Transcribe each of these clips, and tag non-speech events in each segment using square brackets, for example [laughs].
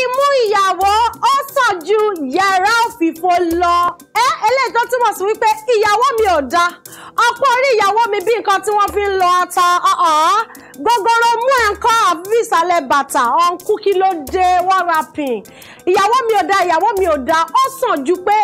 imú ìyàwó ó sàn ju yàrá òfìfo lọ ẹ eléyìí tó túmọ̀ sí wípé ìyàwó mi ò da ọpọ orí ìyàwó mi bí nǹkan tí wọ́n fi ń lọ ata gbogbooro mú ẹ̀ ń kọ́ àbí ìsàlẹ̀ bàtà ọ̀nkú kí ló dé wọ́n ra pin ìyàwó mi ò da ìyàwó mi ò da ó sàn ju pé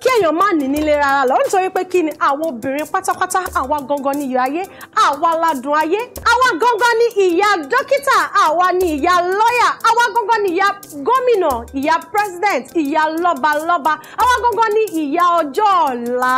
kí èèyàn má ní nílé rárá lọ nítorí pé kí ni àwọn obìnrin pátápátá àwa gangan ni iyọ̀ ayé àwa ládùn ayé àwa gangan ni ìyá dókítà àwa ni ìyá lọ́yà àwa gangan ni ìyá gómìnà ìyá president ìyá lọ́balọ́ba àwa gangan ni ìyá ọjọ́ ọ̀la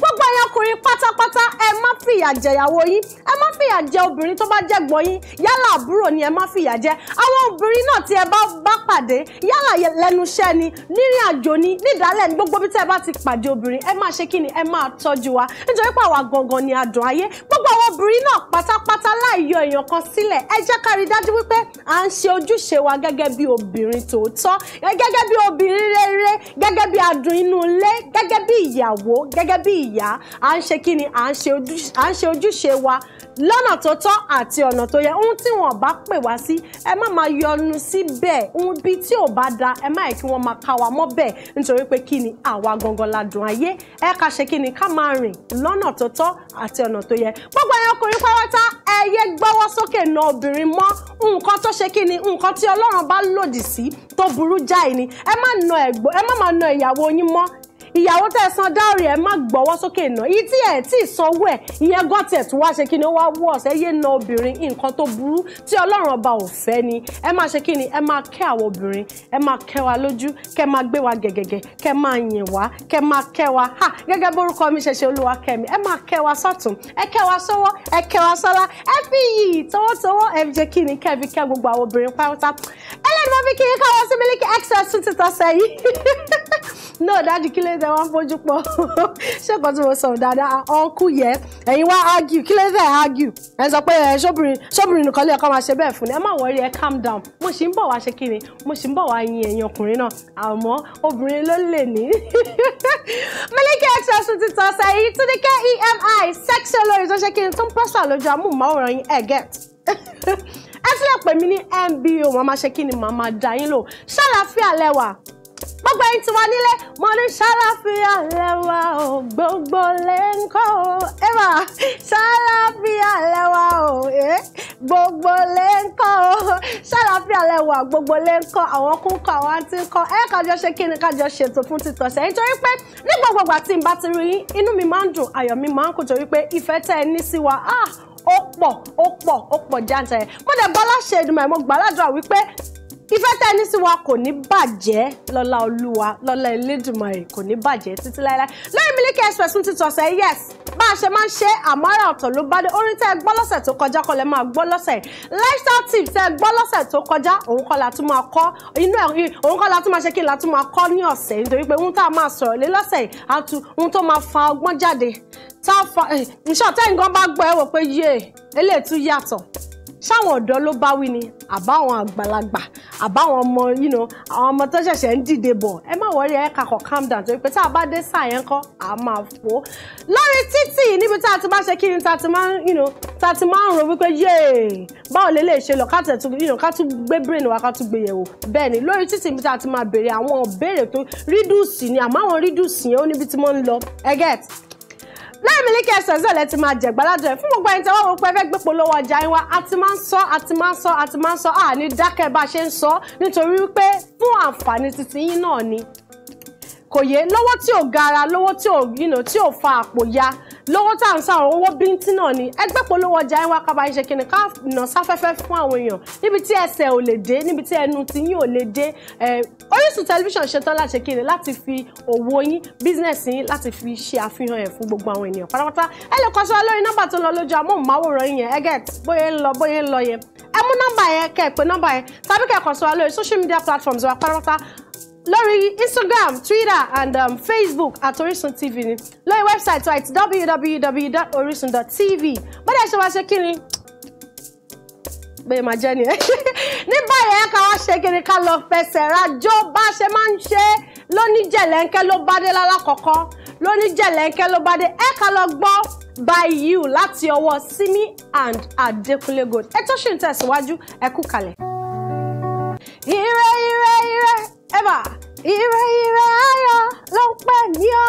gbogbo ẹ̀yàn ọkùnrin pátápátá ẹ má fìyà jẹ̀yàwó yín ẹ má fìyà jẹ obìnrin tó bá jẹ̀gbọ́n yín yálà àbúrò ni ẹ má fìyà jẹ àwọn obìnrin náà tí ẹ bá bá pàdé yálà lẹ́nu iṣẹ́ ni nírìn àjò ni nídàálẹ̀ ni gbogbo ibi tẹ́ ẹ bá ti pàdé obìnrin ẹ máa ṣe kí ni ẹ máa tọ́jú wa nítorí pé àwa gangan ni adùn ayé gbogbo àwọn obìnrin náà pátápátá láì yọ èèyàn kan sílẹ̀ ẹ jẹ́ ká rí dájú wípé à ń ṣe ojúṣe wa gẹ́gẹ́ bí obìnrin tòótọ́ gẹ́gẹ́ bí obìnrin rere gẹ́gẹ́ bí adùn inú ilé gẹ́gẹ́ bí ìyàwó gẹ́gẹ́ bí ìyá à ń ṣe kí ni à ń ṣe ojúṣe wa lọ́nà tó tọ́ àti ọ̀nà tó yẹ ohun tí wọ́n bá pè wá sí ẹ má máa yọnu síbẹ̀ ohun bíi tí ò bá da ẹ má yẹ kí wọ́n máa ká wa mọ́ bẹ́ẹ̀ nítorí pé kí ni àwa gangan la dùn ayé ẹ ká ṣe kí ni ká máa rìn lọ́nà tó tọ́ àti ọ̀nà tó yẹ gbogbo ẹ̀yàn ọkùnrin pátá ẹ yé gbọ́wọ́ sókè na obìnrin mọ́ nǹkan tó ṣe kí ni nǹkan tí Ọlọ́run bá lòdì sí tó burú jáì ni ẹ má máa na ìyàwó yín mọ́ ìyàwó tẹ̀ san dáòrì ẹ̀ má gbọ́wọ́ sókè náà yìí tí ẹ̀ tí ì sanwó ẹ̀ ìyẹn gọ́tẹ̀ tó wá ṣe kí ni ó wá wọ̀ ọ̀sẹ̀ yé na obìnrin nǹkan tó burú tí ọlọ́run ọba ò fẹ́ ni ẹ máa ṣe kí ni ẹ máa kẹ́ àwọn obìnrin ẹ máa kẹ́ wa lójú kẹ́ máa gbé wa gẹ̀gẹ̀gẹ̀ kẹ́ máa yìn wá kẹ́ máa kẹ́ wa ha gẹ́gẹ́ bórúkọ mi ṣe ṣe olúwa kẹ́mi ẹ máa kẹ́ wa sọ́tún ẹ kẹ́ wa sọ́wọ́ ẹ kẹ́ wa sọ́lá ẹ fi yìí tọwọ́tọwọ́ ẹ jẹ́ kí ni kẹ́ fi kẹ́ gbogbo àwọn obìnrin pátá ẹlẹ́ni mo fi kí yín káwọ́ sí Mílíkì Express [laughs] no dájú kí ló dé wọn fojú pọ̀ ṣé kan tí mo sọ dáadáa ọkù ah, yẹ ẹ̀yin wá argue kí ló dé argue ẹ sọ pé ṣóbìnrin ṣóbìnrin nìkan lè kọ́ máa ṣe bẹ́ẹ̀ fún ni ẹ má wọrí ẹ calm down mo sì ń bọ̀ wá ṣe kí ni mo sì ń bọ̀ wá yin ẹ̀yin ọkùnrin náà àmọ́ obìnrin ló lè ní. Miliki Express ti tọ́ sẹ́yìn Túndéke EMI sẹ́kṣẹ́ olórin tó ṣe kí ni tó ń pọ́sà lójú amóhùnmáwòrán yín ẹ̀gẹ́t ẹ tún lè pè mí ní MBO màmá ṣe kí ni màmá dá yín lò ṣàlàáfíà lẹ́wà gbogbo ẹ̀yin tí wà nílé mo ní ṣàlàfíà lẹ́wà o gbogbo lè ń kọ́ o ẹ̀wà ṣàlàfíà lẹ́wà o eh, gbogbo lè ń kọ́ o ṣàlàfíà lẹ́wà gbogbo lè ń kọ́ àwọn kún kọ́ àwọn àti ń kọ́ ẹ kájọ ṣe kí ni kájọ ṣètò fún títọ̀ sẹ́yìn nítorí pé ní gbogbo àti ìbátiri yín inú mi máa ń dùn ayọ̀ mi máa ń kò torí pé ìfẹ́ tẹ́ ẹ ní sí wa ah, ó pọ̀ ó pọ̀ ó pọ̀ jáǹtẹ̀ mo dẹ̀ bọ́lá ṣe ìdùnnú ẹ̀ mo gbàládùra wípé ìfẹ́ tẹ́ ní sí wa kò ní bàjẹ́ lọ́lá olúwa lọ́lá elédùmarè kò ní bàjẹ́ títí láéláé lórí Miliki Express fún títí ọ̀sẹ̀ yes bá a ṣe máa ń ṣe àmọ́ ara ọ̀tọ̀ ló bá dé orin tẹ́ ẹ gbọ́ lọ́sẹ̀ tó kọjá kọ́ lẹ́ máa gbọ́ lọ́sẹ̀ lifestyle tips tẹ́ ẹ gbọ́ lọ́sẹ̀ tó kọjá òun kọ́ la tún máa kọ́ inú ẹ̀ òun kọ́ la tún máa ṣe kí n la tún máa kọ́ ní ọ̀sẹ̀ nítorí pé ohun tá a máa sọ̀rọ̀ lé lọ́sẹ̀ yìí á tu ohun tó máa fa ọgbọ́n jáde tá a fa ǹṣọ́ eh, tẹ́yìn gan bá gbọ́ ẹ ṣáwọn ọ̀dọ́ ló bá wí ni àbáwọn àgbàlagbà àbáwọn ọmọ you know àwọn ọmọ tó ṣẹ̀ṣẹ̀ ń dìde bọ̀ ẹ má wọrí ẹ kakọ̀ calm down torí pé tá a bá dé sáà yẹn kọ́ a máa fò ó lórí títì níbi tá a ti bá ṣe kí ni tá a ti máa you know tá a ti máa ń ro wípé yéè báwo lè lè ṣe lọ ká tẹ̀ you know ká tún gbé brain wa ká tún gbé yẹ̀wò bẹ́ẹ̀ ni lórí títì níbi tá a ti máa béèrè àwọn ìbéèrè tó rídùsì ni àmọ́ àwọn rídùsì yẹn ó níbi tí mo ń lọ ẹ lórí Miliki Express lẹ ti máa jẹ̀gbáládùn ẹ̀ fún gbogbo ẹni tí wọ́n wọ́n pẹ́ fẹ́ gbé polówó ọjà yín wá a máa ń sọ a máa ń sọ a máa ń sọ àní dákẹ́ bá a ṣe ń sọ nítorí wípé fún àǹfààní titi yín náà ni kò yé lówó tí ò gara lówó tí ò you know tí ò fa àpò ya lówó tá à ń sá owó bíntín náà ni ẹgbẹ́ polówó ọjà ẹ̀ wá ká bá ṣe kíni ká nà sáfẹ́fẹ́ fún àwọn èèyàn níbi tí ẹsẹ̀ ò lè dé níbi tí ẹnu ti yín ò lè dé Orísun tẹlifíṣàn ṣetán láti kíni láti fi òwò yín bísínẹ́sì yín láti fi ṣe àfihàn ẹ̀ fún gbogbo àwọn ènìyàn pátápátá ẹ lè kọsọ lórí nọ́mbà tó lọ lójú amóhùnmáwòrán yẹn ẹgẹ́ bóyá ń lọ bóyá ń lọ yẹn ẹ mú nọ́mbà yẹn kẹ́ ẹ pé nọ́mbà yẹn tàbí kẹ́ ẹ kọsọ lórí social media platforms wa pátápátá lórí instagram twitter and um, facebook at orisun tv ni lórí website wa it's www.orisun.tv bọ́dà ṣe wá ṣe kí ni bẹ́ẹ̀ máa jẹ́ ni ẹ́ [laughs] ní báyìí ẹ̀ka wá ṣe kí ni ká lọ fẹsẹ̀ rajó bá ṣe máa ń ṣe lóníjẹ̀lẹ́ńkẹ́ ló bá dé lálákọ̀ọ́kọ́ lóníjẹ̀lẹ́ńkẹ́ ló bá dé ẹ̀ka lọ gbọ́ by you láti ọwọ́ simi and adekunle gold ẹ tó ṣì ń tẹ̀síwájú ẹ kú kalẹ̀. ire ire ire ire ire ayọ̀ ló ń pè mí o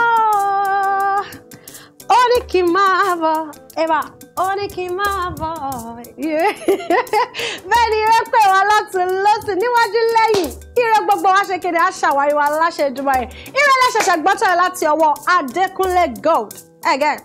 ó ní kí n máa bọ̀ ẹ̀bà ó ní kí n máa bọ̀ [laughs] bẹ́ẹ̀ ni ire pè wá lọ́tún lọ́tún níwájú lẹ́yìn ire gbogbo wa ṣe kéde aṣàwárí wa láṣẹ Dubai ire lẹ́ṣẹ̀ṣẹ̀ gbọ́tọ̀ láti ọwọ́ Adékúnlé Gold ẹ̀gẹ́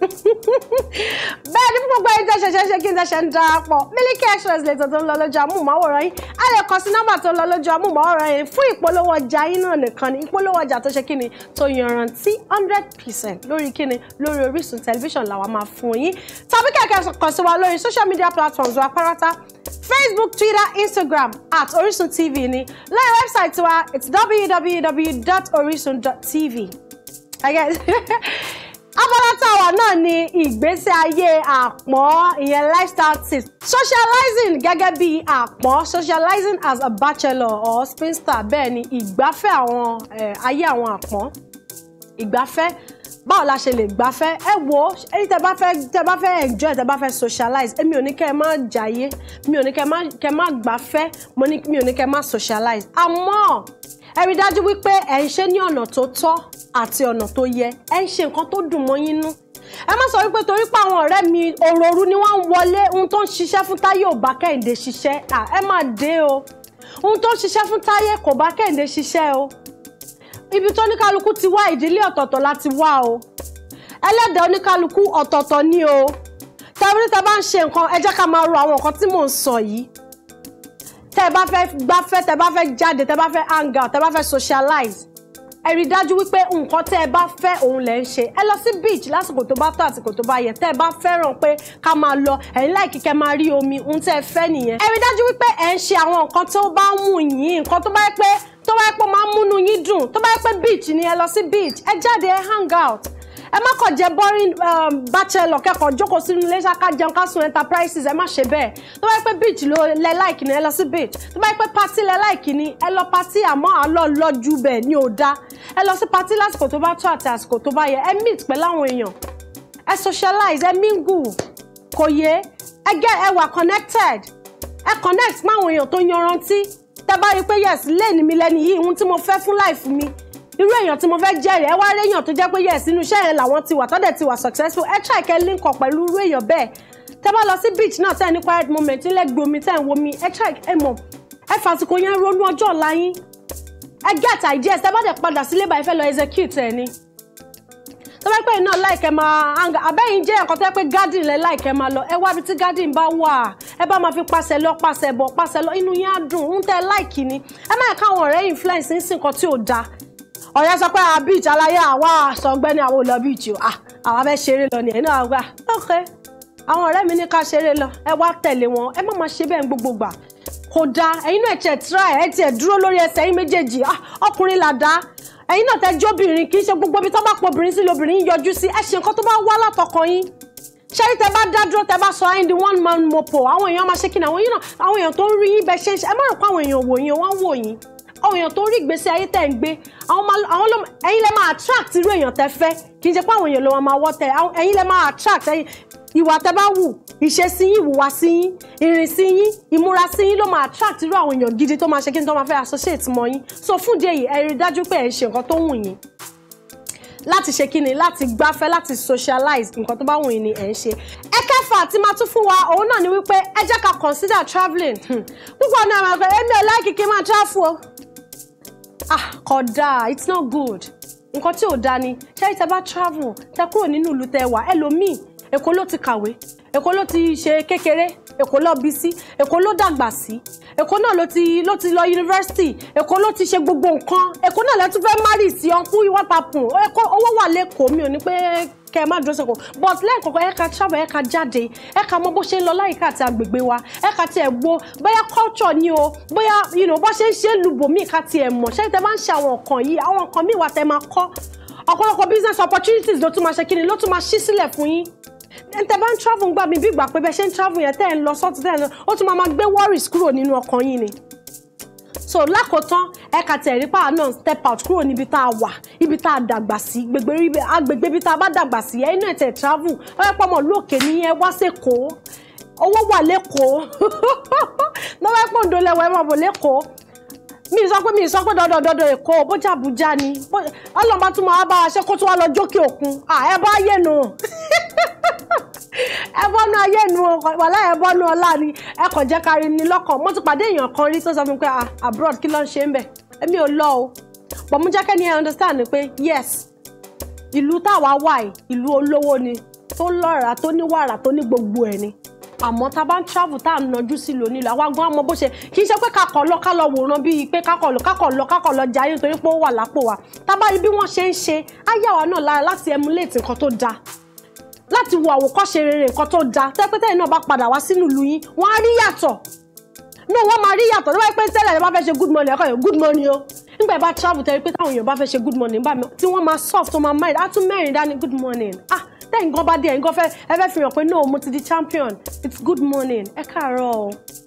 bẹ́ẹ̀ ni fún gbogbo ẹni tó ṣẹ̀ṣẹ̀ ṣe kí n ṣẹ̀ṣẹ̀ ń darapọ̀ Miliki Express lè tòótọ́ ń lọ lójú amúhùnmáwòrán yín a lè kàn sí nọ́mbà tó ń lọ lójú amúhùnmáwòrán yín fún ìpolówó ọjà yín náà nìkan ni ìpolówó ọjà tó ṣe kí ni tó yanrantí hundred percent lórí kí ni lórí Orísun tẹlifíṣàn làwa máa fún yín tàbí kẹ̀kẹ́ kàn sí wa lórí social media platforms wa pátá Facebook, Twitter, Instagram at Orisun TV ni lórí website wa it's www.orisun.tv. I guess. [laughs] abala tá a wà náà ni ìgbésí ayé àpọ́n ìyẹn lifestyle tips socializing gẹ́gẹ́ bí àpọ́n socializing as a bachelor or spinster bẹ́ẹ̀ ni ìgbafẹ́ àwọn ayé àwọn àpọ́n ìgbafẹ́ báwo la ṣe lè gbafẹ́ ẹ wo ẹni tẹ bá fẹ́ tẹ bá fẹ́ enjoy tẹ bá fẹ́ socialize èmi ò ní kẹ́ ẹ má jayé mi ò ní kẹ́ ẹ má gbafẹ́ mi ò ní kẹ́ ẹ má socialize àmọ́ ẹ rí dájú wípé ẹ ń ṣe ní ọ̀nà tó tọ́ àti ọ̀nà tó yẹ ẹ ń ṣe nǹkan tó dùn mọ́ yín nú ẹ má sọ wípé torí pé àwọn ọ̀rẹ́ mi òròrú ni wọ́n ń wọlé ohun tó ń ṣiṣẹ́ fún Táyé ò bá Kẹ́hìndé ṣiṣẹ́ ẹ má dé o ohun tó ń ṣiṣẹ́ fún Táyé kò bá Kẹ́hìndé ṣiṣẹ́ o ibi tó oníkálukú ti wá ìdílé ọ̀tọ̀ọ̀tọ̀ láti wá o ẹlẹ́dàá oníkálukú ọ̀tọ̀ọ̀tọ̀ ni o tẹ̀wé ní tẹ bá ń ṣe nǹkan ẹ jẹ́ ká máa ro àwọn nǹkan tí mò ń sọ yìí tẹ́ ẹ bá fẹ́ gbafẹ́ tẹ́ ẹ bá fẹ́ jáde tẹ́ ẹ bá fẹ́ hang out tẹ́ ẹ bá fẹ́ socialize ẹ rí i dájú wípé nǹkan tẹ́ ẹ bá fẹ́ òun lẹ̀ ń ṣe ẹ lọ sí beach lásìkò tó bá tó àsìkò tó bá yẹ tẹ́ ẹ bá fẹ́ràn pé ká máa lọ ẹ̀yin láì kíkẹ́ máa rí omi ohun tẹ́ ẹ nìyẹn ẹ dájú wípé ẹ ń ṣe àwọn nǹkan tó bá ń wù yín nǹkan tó bá yẹ pé tó bá yẹ pé máa ń múnú yín dùn tó bá yẹ pé beach ni ẹ lọ sí beach ẹ jáde ẹ hang out ẹ má kàn jẹ́ boring um, bachelor kẹ́kọ̀ọ́ jókòó sínú ilé ṣáká jẹun ká sun enterprises ẹ má ṣe bẹ́ẹ̀ tó bá yẹ pé beach ló lẹ láìkì ni ẹ lọ sí beach tó bá yẹ pé party lẹ láìkì ni ẹ lọ party àmọ́ àlọ́ lọ́jú bẹ́ẹ̀ ni ò dá ẹ lọ sí party lásìkò tó bá tó àti àsìkò tó bá yẹ ẹ meet pẹ̀lú àwọn èèyàn ẹ socialize ẹ mingle kò yé ẹ get ẹ wà connected ẹ connect máwọn èèyàn tó yanrantí tẹ bá rí i pé yes lẹ́ni mi lẹ́ni yìí ohun tí mo fẹ́ fún life mi irú èèyàn tí mo fẹ́ jẹ́rìí ẹ wá réyàn tó jẹ́ pé yẹ sínú iṣẹ́ yẹn làwọn ti wà tọ́dẹ̀ ti wà successful ẹ try kẹ́ link up pẹ̀lú irú èèyàn bẹ́ẹ̀ tẹ́ bá lọ sí beach náà tẹ́ ní quiet moment ilé gbomi tẹ́ ń womi ẹ try ẹ mọ̀ ẹ fàsìkò yẹn ronú ọjọ́ ọ̀la yín ẹ get ideas tẹ́ bá dẹ̀ padà sílé báyìí fẹ́ lọ execute ẹ ni tó bá pẹ́ iná láìkẹ́ máa hang abẹ́yìn jẹ́ nǹkan tó yẹ pé garden lẹ láìkẹ́ máa lọ ẹ wá ibi tí garden bá wà ẹ bá máa fi pàṣẹ lọ pàṣẹ bọ̀ pàṣẹ lọ inú yín á dùn ń tẹ́ láìkì ni ẹ má yẹ káwọn ọ̀rẹ́ influence ń sìn kan tí ò dáa ọ̀rẹ́ sọ pé àwọn beach aláyé àwa àsọgbẹ́ ni àwọn ò lọ beach o ah, àwa fẹ́ ṣeré lọ nìyẹn náà gbà ok àwọn ọ̀rẹ́ mi ní ká ṣeré lọ ẹ wá tẹ̀lé wọn ẹ má máa ṣe bẹ́ẹ̀ gbogbo gbà kò dáa ẹ̀yin náà ẹ̀ tiẹ̀ try ẹ̀ tiẹ̀ dúró lórí ẹsẹ̀ yín méjèèjì ah, ọkùnrin làdá ẹ̀yin náà tẹ́ jóbìnrin kì í ṣe gbogbo ibi tó bá pọ̀ obìnrin sí lobìnrin yín yọjú sí ẹ ṣe nǹkan tó bá wá látọkàn yín ṣẹ́rí tẹ bá dá dúró tẹ bá sọ ayé di one man mopo àwọn èèyàn máa ṣe kí ni àwọn èèyàn tó ń rí yín bẹ ṣe é ṣe ẹ má rò pé àwọn èèyàn wò yín wọ́n wò yín àwọn èèyàn tó rí ìgbésí ayé tẹ̀ ń gbé àwọn ló ẹ̀yin lẹ máa attract irú èèyàn tẹ́ fẹ́ kì í ṣe pé àwọn èèyàn ló máa wọ́ tẹ̀ ẹ̀yin lẹ máa attract ẹ̀yin ìwà tẹ́ bá wù ìṣesí yín ìwùwà sí yín ìrìn sí yín ìmúra sí yín ló máa attract irú àwọn èèyàn gidi tó máa ṣe kí n tó máa fẹ́ associate mọ́ yín so fún díẹ̀ yìí ẹ rí dájú pé ẹ ń ṣe nǹkan tó wù yín láti ṣe kíni láti gbafẹ́ láti socialize nǹkan tó bá wù yín ni ẹ̀ ń ṣe. ẹ̀kẹfà tí máa tún fún wa òun náà ni wípé ẹ jẹ́ ká consider travelling hmm. púpọ̀ náà máa gbé èmi ò láìkí kí n máa travel o ah kódà it's not good nǹkan tí ò da ni ṣáà tẹ bá travel tẹ kúrò nínú ìlú tẹ wà ẹlòmíì èkó ló ti kàwé èkó ló ti ṣe kékeré èkó ló bí sí èkó ló dàgbà sí èkó náà ló ti ló ti lọ yunifásitì èkó ló ti ṣe gbogbo nǹkan èkó náà ló fẹ́ márì sí ọkùn ìwà papùn èkó owó wà lẹ́kọ̀ọ́ mi ò ní pé kẹ ẹ má dúró sẹ́kọ̀ọ́ but lẹ́ẹ̀kọ̀ọ̀kan ẹ̀ka travel ẹ̀ka jáde ẹ̀ka mọ bó ṣe ń lọ láyìíká àti agbègbè wa ẹ̀ka tiẹ̀ wo bóyá culture ni o bóyá you know bó ṣe ń ṣe lùbòmíì ká tiẹ̀ mọ̀ ṣé tẹ máa ń ṣe àwọn nǹkan yìí àwọn nǹkan míì wà tẹ máa kọ́ ọ̀pọ̀lọpọ̀ business opportunities ló tún máa ṣe kíni ló tún máa ṣí sílẹ̀ fún yín tẹ bá ń travel gbà mí bí ìgbà pé bẹ ṣe ń travel yẹn tẹ́ ẹ̀ ń lọ sọ́ọ̀tì tẹ́ ẹ̀ ń lọ ó tún máa máa gbé worries kúrò nínú ọkàn yín ni so lákòótán ẹ̀ka tẹ̀rí pa náà step out kúrò níbi tá a wà ibi tá a dàgbà sí gbègbè agbègbè ibi tá a bá dàgbà sí ẹ̀yin náà tẹ̀ travel ọ̀rẹ́ pọ́nmọ́ lóòkè ní ẹ wá sẹ́kọ̀ọ́ owó wà lẹ́kọ̀ọ́ [laughs] lọ́wọ́ ẹ̀pọ̀ ǹdọ́ lẹ́wọ̀ ẹ̀ máa bọ̀ lẹ́kọ̀ọ́ mi sọ pé mi sọ pé dandan dandan èkó bójá Àbújá ni ọlọ́mọ tún máa bá aṣẹ́kó tó wá lọ jókè òkun à ẹ bá [laughs] ẹ bọ́nú ayé nu wàhálà ẹ bọ́nú ọlá ni ẹ kàn jẹ́ kárí ni lọ́kàn mo ti pàdé èèyàn kan rí tó sọ fún mi pé ah, abroad kí ló ń ṣe ń bẹ̀ èmi ò lọ o pọ̀ mú jẹ́ kẹ́ni understand ni pé yes ìlú táwa wà yìí ìlú olówó ni tó lọ́ra tó ní wàrà tó ní gbogbo ẹ̀ ni àmọ́ tá a bá ń travel tá a nàjú sí lónìí lọ àwa gan ọmọ bó ṣe kì í ṣe pé kakọ̀ lọ ká lọ wòran bíi pé kakọ̀ lọ kakọ̀ lọ kakọ̀ lọ jayé nítorí pé ó wà lápò wa tá a bá rí bí wọ́n ṣe ń ṣe á yà wá náà lára láti emulate nǹkan tó dáa láti wo àwòkọ́ṣe rere nǹkan tó da tẹ́pẹ́tẹ́ náà bá padà wá sínú ìlú yín wọ́n á rí yàtọ̀ náà wọ́n máa rí yàtọ̀ nígbà pé tẹ́lẹ̀ ẹ bá fẹ́ ṣe good morning ẹ̀kọ́ yẹn good morning o nígbà ẹ bá travel tẹ́lẹ̀ pé táwọn èèyàn bá fẹ́ ṣe good morning bá mi tí wọ́n máa soft wọ́n máa mind á tún mẹ́rin dání good morning ah Then go bá there, ẹ̀yìn gan fẹ́ ẹ fẹ́ fi no mo ti di champion it's good morning ẹ káàárọ̀ o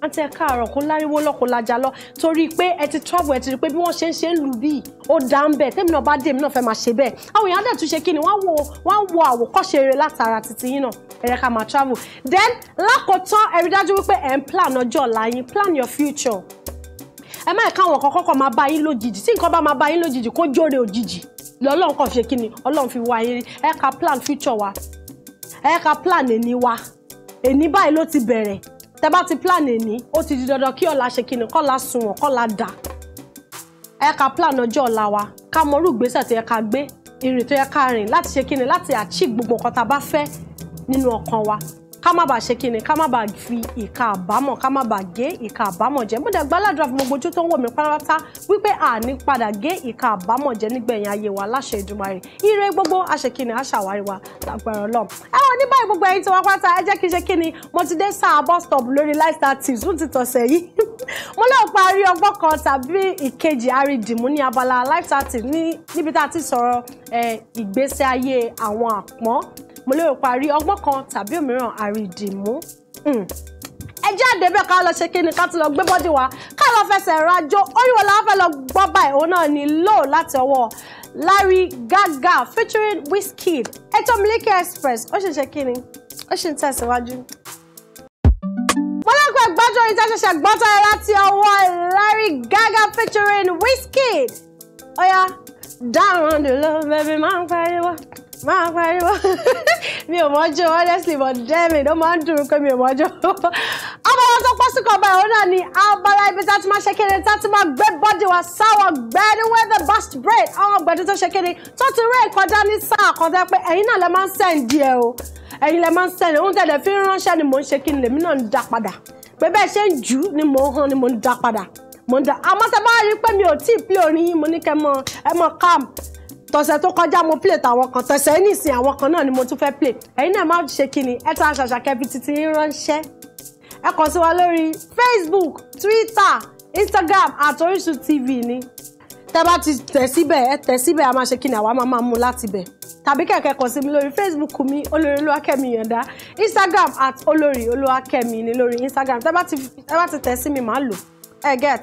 àǹtí ẹ káàárọ̀ kó láríwó lọ kó lajà lọ torí pé ti travel ẹ ti rí pé bí wọ́n ṣe ń ṣe ń lù bíi ó dá ń bẹ̀ tẹ́mi náà bá dé èmi náà fẹ́ máa ṣe bẹ́ẹ̀ àwọn èèyàn á dẹ̀ tún ṣe kí ni wọ́n wo wọ́n wo àwòkọ́ṣe rere látara títí yín náà ẹ yẹ ká máa travel then lákòótán ẹ rí dájú wípé ẹ ń plan ọjọ́ ọ̀la plan your future ẹ má ẹ̀ káwọn kọ̀ọ̀kan máa bá yín lójijì tí nǹkan bá máa bá yín lójijì kó jóore òjijì lọ́lọ́run kàn ṣe kí ni ọlọ́run fi wá yín ẹ ka plan future wa ẹ ka plan èní wa èní báyìí ló ti bẹ̀rẹ̀ tẹ bá ti plan èní ó ti di dandan kí ọ̀la ṣe kí ni kọ́la sunwọ̀n kọ́la dà ẹ ka plan ọjọ́ ọ̀la wa ká mọrú ìgbésẹ̀ tó yẹ ká gbé ìrìn tó yẹ ká rìn láti ṣe kí ni láti achieve gbogbo nǹkan tá a bá fẹ́ nínú ọkàn wa ká má bàa ṣe kíni ká má bàa fi ìka àbámọ̀ ká má bàa gé ìka àbámọ̀ jẹ mo dẹ̀ gbàládùra fún gbogbo ojú tó ń wò mí pátápátá wípé àní padà gé ìka àbámọ̀ jẹ nígbẹ̀yìn ayé wa láṣẹ Èdùmàrè ire gbogbo àṣekíni àṣàwárí wa lágbára Ọlọ́run ẹ wọ ní báyìí gbogbo ẹ̀yin tí wọn pátá ẹ jẹ́ kí n ṣe kíni mo ti dé sáà bus stop lórí lifestyle tips fún títọ̀sẹ̀ yìí [laughs] mo lọ́ọ́ mo lérò pa rí ọgbọ́n kan tàbí òmíràn àrídìmú hmm. ẹ jáde bẹ́ẹ̀ ká lọ ṣe kí ni ká tún lọ gbé bọ́dì wa ká lọ fẹsẹ̀ rajò oríwo la fẹ́ lọ gbọ́ báyìí òun náà ni low láti ọwọ́ Larry Gaga featuring Wizkid ètò Miliki Express ó ṣe ṣe kí ni ó ṣe ń tẹ̀síwájú. mọ́lákùn ẹ̀gbájú orin tá ṣẹ̀ṣẹ̀ gbọ́ tọ́lẹ̀ láti ọwọ́ Larry Gaga featuring Wizkid ó yá down on the máa ń pariwo máa pariwo [laughs] mi ò mọ́jọ́ honestly but dẹ́mi ló máa ń dùn pé mi ò mọ́jọ́. ọba wọn tó pọ́ sí kan báyìí òun náà ni abala ibi tá a ti máa ṣe kéde tá a ti máa gbé bọ́dì wá sáwọ̀ gbẹ́ni where the best bread àwọn gbẹ̀dú tó ṣe kéde tó ti rí ìkọjá ní sáà kan tó yẹ pé ẹ̀yin náà lè máa ń sẹ́ǹdì ẹ̀ o ẹ̀yin lè máa ń sẹ́ǹdì òun tẹ̀lé fi ránṣẹ́ ni mò ń ṣe kí ni lèmi náà ń dá padà pé bẹ́ẹ̀ ṣe ń jù ú ni mò ń hàn ni mò ń dá padà mò ń dá àmọ́ tọ̀sẹ̀ tó kọjá mo play tàwọn kan tọ̀sẹ̀ nísìn àwọn kan náà ni mo tún fẹ́ play ẹ̀yin náà má ṣe kí ni ẹ tún àṣàṣà kẹbi títí ránṣẹ́ ẹ kàn sí wa lórí Facebook Twitter Instagram at Orisun TV ni tẹ́ bá ti tẹ̀ síbẹ̀ ẹ tẹ̀ síbẹ̀ a máa ṣe kí ni àwa máa máa mú láti bẹ̀ tàbí kẹ̀kẹ́ kàn sí mi lórí Facebook mi olórí olúwakẹ́mi yọ̀ǹda Instagram at olórí olúwakẹ́mi ni lórí Instagram tẹ́ bá ti tẹ̀ sí mi màá lò ẹ get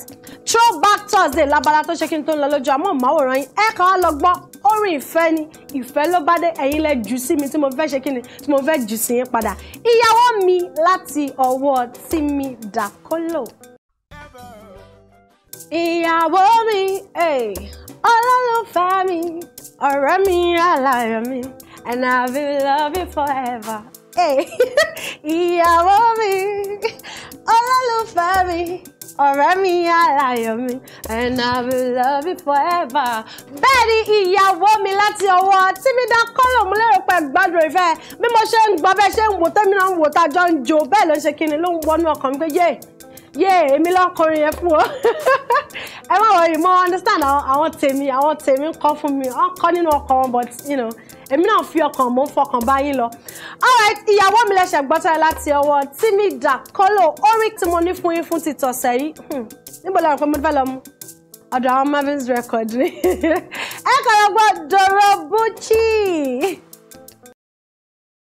throwback thursday labala tó ṣe kí n tó ń lọ lójú amóhùnmáwòrán yín ẹ kàn á lọ gbọ́ orin ìfẹ́ ni ìfẹ́ ló bá dé ẹ̀yin lẹ jù sí mi tí mo fẹ́ ṣe kí ni tí mo fẹ́ jù sí yín padà ìyàwó mi láti ọwọ́ Timi Dakolo. ìyàwó mi olólùfẹ́ mi ọ̀rẹ́ mi aláyọ̀ mi and I will love you forever. [laughs] ìyàwó mi olólùfẹ́ mi ọ̀rẹ́ mi aláyọ̀ mi and I will love you forever. bẹ́ẹ̀ ni ìyàwó mi láti ọwọ́ Timidan Kọ́lọ̀ mo lérò pé gbádùn ìfẹ́ bí mo ṣe ń gbọ́ bẹ́ẹ̀ ṣe ń wò tẹ́mi náà ń wò tá a jọ ń jo bẹ́ẹ̀ ló ń ṣe kíni ló ń wọnú ọkàn mi yé yé èmi lọ́kùnrin yẹn fún ọ [laughs] ẹ má wọrí mo understand àwọn tèmi àwọn tèmi ń kọ́ fún mi wọ́n kọ́ nínú ọkọ̀ wọn but you know èmi náà fi ọkàn mò ń fọkàn bá yín lọ. alright ìyàwó mi lẹ́sẹ̀ gbọ́tọ̀ láti ọwọ́ Timi Dakolo orin tí mo ní fún yín fún ti tọ̀sẹ̀ yìí hmm, níbo lẹ́rù pé mo fẹ́ lọ mú ọ̀dọ̀ àwọn Marvin's record ni [laughs] ẹ kọ́ lọ gbọ́ Dorobuchi.